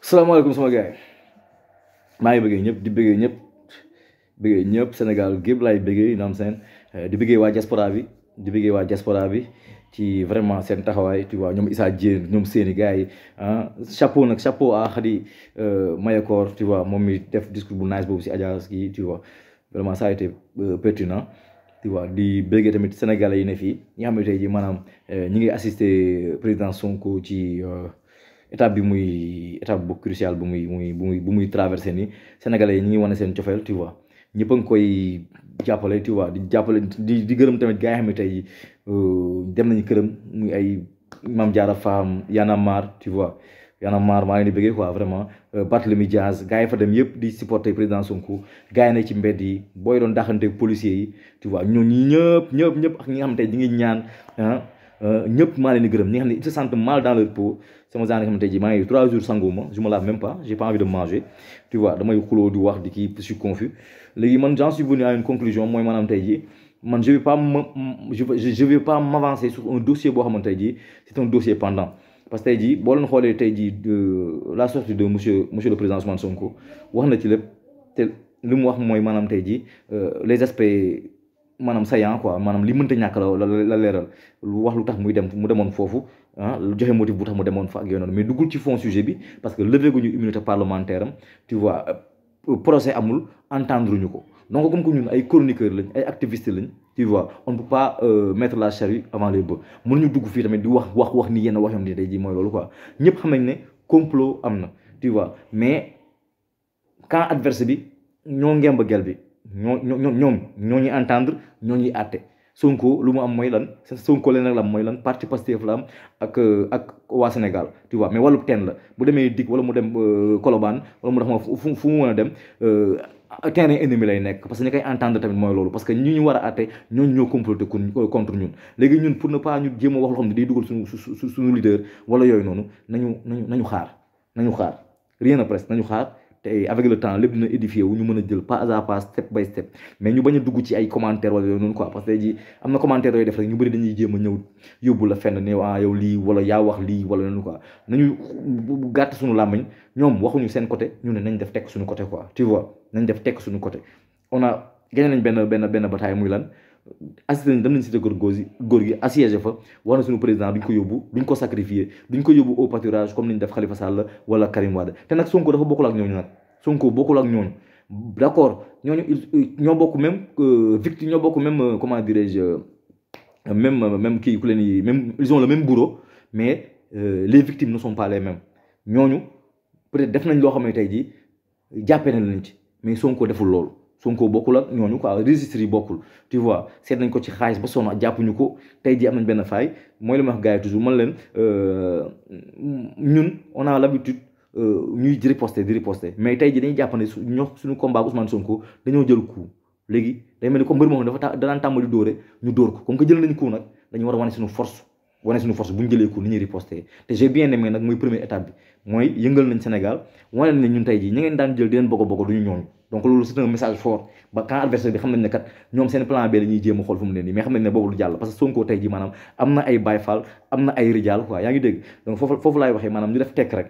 salaamaaleykum sama gars yi maa ngi bëggee ñëpp di bëggee ñëpp bëggee ñëpp Sénégal gépp laay bëggee naam seen eh, di bëggee waa diaspora bi di bëggee waa diaspora bi ci vraiment seen taxawaay tu vois ñoom Issa Diène ñoom seeni gars yi ah chapeau nag chapeau à Khady eh, Mahécor tu vois moom mi def discours bu nice boobu si Adja kii tu vois vraiment ça a été eh, pertinent tu di bëggee tamit sénégalais yi ne fii ñi nga xam ne tey jii maanaam ñi ngi assister président Sonko ci. Euh, étape bi muy étape bu cruciale bu muy muy bu muy bu muy traversé nii sénégalais ñi ngi wane seen cofeel tu vois ñëpp a ngi koy jàppale tu vois di jàppale di di gërëm tamit gaa yi xam ne tey euh, dem nañu këram muy ay Mame Diarra Fam Y'en a maar tu vois Y'en maar maa ngi ni bëggee quoi vraiment euh, Barthélémy Diaz gaa yi fa dem yëpp di supporter président Sonko gaa yi ci mbedd yi booy doon daxante policiers yi tu vois ñooñu ñëpp ñëpp ñëpp ak ñi nga xam ne tey ñu ngi ñaan ah ñëpp maa leen gërëm ñi xam ne ils se sentent mal dans leur peau sama genre nga xam ne tey jii maa ngi trois jours sanguma je me pas j'ai pas envie de manger tu vois damay xuloo di wax di kii je confus léegi man j'en suis venu à une conclusion mooy maanaam tey jii man je pas ma je je vais pas m'avancer sur un dossier boo xamante tey jii c'est un dossier pendant parce que tey jii boo leen xoolee tey jii la sortie de monsieur monsieur le président Ousmane Sonko wax na ci lépp te li mu wax mooy maanaam tey jii euh, les aspects maanaam saillant quoi maanaam li mënta ñàkk la la leeral lu wax lu tax muy dem mu demoon foofu ah joxe motif bu tax mu demoon fa ak yooyu noonu mais duggul ci fond sujet que levé gu ñu immunité parlementaire am euh, amul entendre ñu ko donc comme que ñun ay chroniqueur lañ ay activiste lañ tu vois on ne peut pas euh, mettre la charrue avant les dugg fii tamit di wax wax wax ni yenn wax yom ni tey jii mooy loolu quoi ñëpp xam nañ ne complot am na tu vois mais quand adverse bi ñoo ngemb gel bi ñoo ñoo ñoom ñoo ñuy entendre ñoo ñuy àtte Sonko lu mu am mooy lan Sonko leen nag la am mooy lan parti Pastef la am ak euh, ak waa Sénégal tu vois mais wàllu teen la bu demee dik wala mu dem euh, Colobane wala mu def fu fu mu mën a dem euh, terrain ennemi lay nekk parce que ñu koy entendre tamit mooy loolu parce que ñi ñu war a àtte ñooñu ñoo comploté contre ñun léegi ñun pour ne pas ñu jéem a wax loo xam ne day dugal suñu suñu leader wala yooyu noonu nañu nañu nañu xaar nañu xaar rien de presque nañu xaar. te avec le temps lépp dina édifié wu ñu mën a jël pas a pas step by step mais ñu bañ a dugg ci ay commentaire wala yooyu noonu quoi parce que tey jii am na commentaire yooyu def rek ñu bëri dañuy jéem a ñëw yóbbu la fenn ne ah yow lii wala yaa wax lii wala noonu quoi nañu gàtt suñu làmmiñ ñoom waxuñu seen côté ñu ne nañ def tekk suñu côté quoi tu vois nañ def tekk suñu côté on a gagné nañ benn benn benn bataille muy lan assisté nañ dem nañ cité góor góor góor gi assiégé fa wax na suñu président duñ ko yóbbu duñ ko sacrifié duñ ko yóbbu au pâturage comme ni niñ def Khalifa Sall wala Karim Wade te nag Sonko dafa bokkul ak ñooñu bokkul ak ñooñu d' accord ñooñu ñoo bokk même euh, victime ñoo bokk même euh, comment dirais je euh, même même kii ku leen yi même ils même bourreau mais les victimes ne sont ñooñu peut être def nañ loo xam ne tey jii jàppee nañ leen ci mais Sonko deful loolu. Sonko bokkul ak ñooñu quoi registre yi bokkul tu vois seet nañ ko ci xaalis ba sonn jàppuñu ko tey ji am nañ benn faay mooy li ma wax man leen euh, ñun on a l'habitude euh, ñuy di riposter tey ji dañuy jàpp ne ñoo suñu combat Ousmane jël coup léegi day danaan tàmbali dóore ñu door ko comme que jël nañ coup nag dañu war a wane suñu force wane suñu force bu ñu jëlee coup ni ñuy riposter te j'ai bien aimé nag mooy première étape bi mooy yëngal nañ Sénégal wane nañ ñun tey ji ñi ngeen daan jël di leen bogo bogo duñu ñooñu donc loolu c'est un message fort ba quand adversaire bi xam nañ ne kat ñoom seen plan B ñuy jéem a fu mu ne nii mais xam nañ ne boobu du jàll parce que Sonko tey ji maanaam am na ay Baye am na ay rijaal quoi yaa ngi dégg donc foofu foofu laay waxee maanaam ñu def tekk rek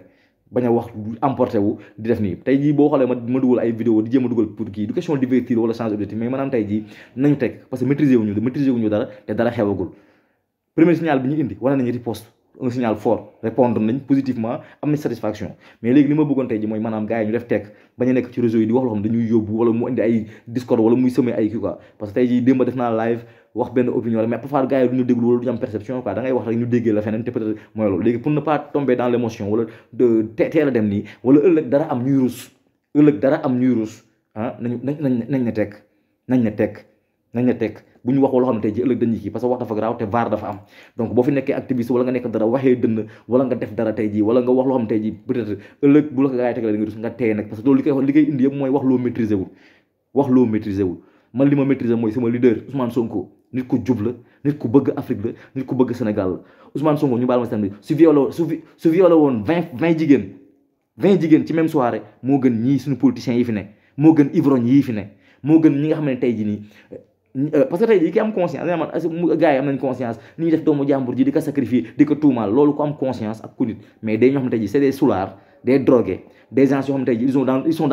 bañ a wax emporté wu di def nii tey jii boo xoolee ma ma dugal ay vidéo di jéem a dugal pour kii du question divertir wala changer objectif mais maanaam tey jii nañu tekk indi wane nañu un signal fort répondre nañ positivement am nañ satisfaction mais léegi li ma bëggoon tey ji mooy maanaam gars yi ñu def tekk bañ a nekk ci réseau yi di wax loo xam dañuy yóbbu wala mu indi ay discord wala muy semé ay kii parce que tey ji démb def naa live wax benn opinion rek mais parfois gars du ñu déglu wala du ñu perception quoi da wax rek ñu déggee la feneen te peut-être mooy loolu léegi pour ne pas tomber dans l'émotion wala de teel a dem nañ la teg bu ñu wax loo xam ne tey ji ëllëg dañuy kii parce que wax dafa garaaw te vaar dafa am donc boo fi nekkee activiste wala nga nekk dara waxee dënn wala nga def dara tey ji wala nga wax loo xam ne tey ji peut-être ëllëg bu la ko gaa yi tegalee li koy li mooy wax loo maîtriser ma maîtriser mooy sama ku jub la nit ku bëgg Afrique la nit bëgg Sénégal la Ousmane Sonko ñu baal su violé su su violé woon vingt jigéen vingt jigéen ci même soirée moo gën ñii suñu politiciens yi fi ne moo gën ivrogne yii fi ne moo gën ñi nga xam ne tey ji nii Euh, parce que tey jii ki am conscience man gars yi conscience ni ñu def doomu jàmbur ji di ko sacrifier di ko tuumaal loolu ko am conscience ak ku nit mais day ñoo xam ne tey jii c'est des soulards des drogués des gens yoo xam ne tey jii ils sont dans ils sont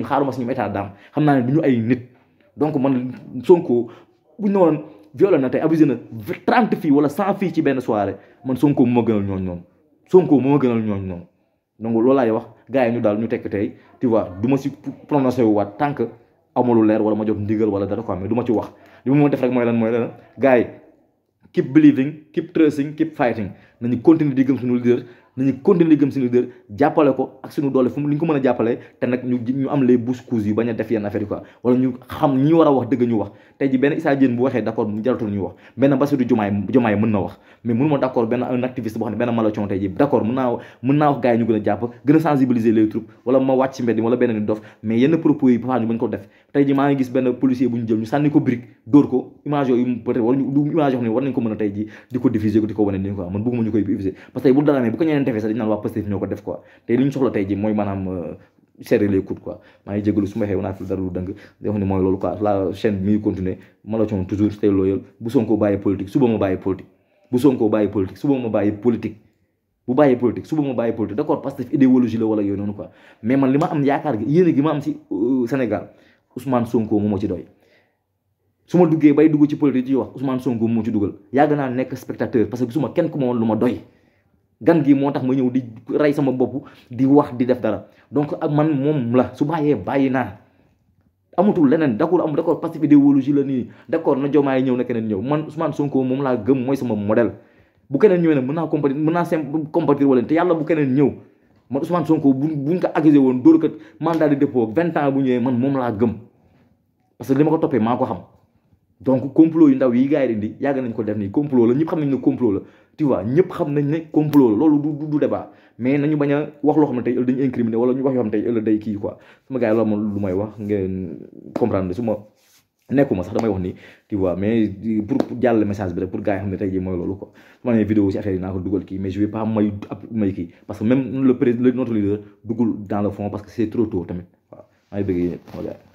dans nit donc man Sonko bu ñu woon na tey abusé na trente filles wala cent fii ci benn soirée man Sonko moo ma gënal ñooñu noonu Sonko moo ma gënal ñooñu noonu donc loolu laay wax gars yi ñu daal ñu tekk tey tu vois du ma si prononcé wu waat tant que amalu leer wala ma jot ndigal wala dara quoi mais du ma ci wax li ma mën def rek mooy lan mooy lan gars yi keep believing keep trusting keep fighting nañu continuer di gëm suñu leader nañu continuer di gëm suñu leader jàppale ko ak suñu doole fu mu ñu ko mën a jàppale te nag ñu am les bouse cousue yu bañ a def yi ne benn Malathion tey wax gars yi ñu ko def tey ji maa ngi gis benn policier bu ñu jël ñu sànni ko brique dóor ko image yooyu war nañ ko mën a tey ji di ko diffuser ko di ko wane nii quoi man bëgguma ñu koy diffuser parce bu dara bu ko ñeneen leen defee sax dañu naan waa Pastef ñoo ko def quoi te li ñu soxla tey ji euh, ngi jégalu su ma xew naa fi dara lu dëng di wax ne mooy loolu quoi la chaîne mi ngi continuer Malathion toujours stay loyal bu Sonko bàyyi politique suba ma bàyyi wala yooyu noonu quoi mais man ma am yaakaar gi yéene gi ma am si euh, moo ma ci doy su ma duggee bay dugg ci politique yi wax Ousmane Sonko moo ci dugal yàgg naa nekk spectateur parce que gisuma kenn ku ma lu ma doy gan gi moo tax ma ñëw di rey sama bopp di wax di def dara donc man moom la su bàyyee bàyyi naa amatul leneen d'accord amul d'accord parce que idéologie la nii d'accord na Diomaye ñëw na keneen ñëw man Ousmane Sonko moom laa gëm mooy sama model bu keneen ñëwee nag mën naa compatir mën naa simp compatir wala te yàlla bu keneen ñëw man Ousmane Sonko bu buñ ko accusé woon dóor kat mandat de dépôt vingt ans bu ñëwee man moom laa gëm parce que li ma ko toppee maa ko xam donc complot yu ndaw yi gars yi di yàgg nañ ko def nii complot la ñu xam nañ ne complot la tu vois ñëpp xam nañ ne complot la loolu du du débat mais nañu bañ a wax loo xam ne tey ëllëg wala ñu wax yoo xam ne tey ëllëg day kii quoi sama gars yi loolu moom lu may wax ngeen comprendre su ma nekkuma damay wax ni tu vois mais pour jàll message bi ne tey jii ko dugal kii mais je vais pas may ab may kii parce que fond que c'est tamit waaw maa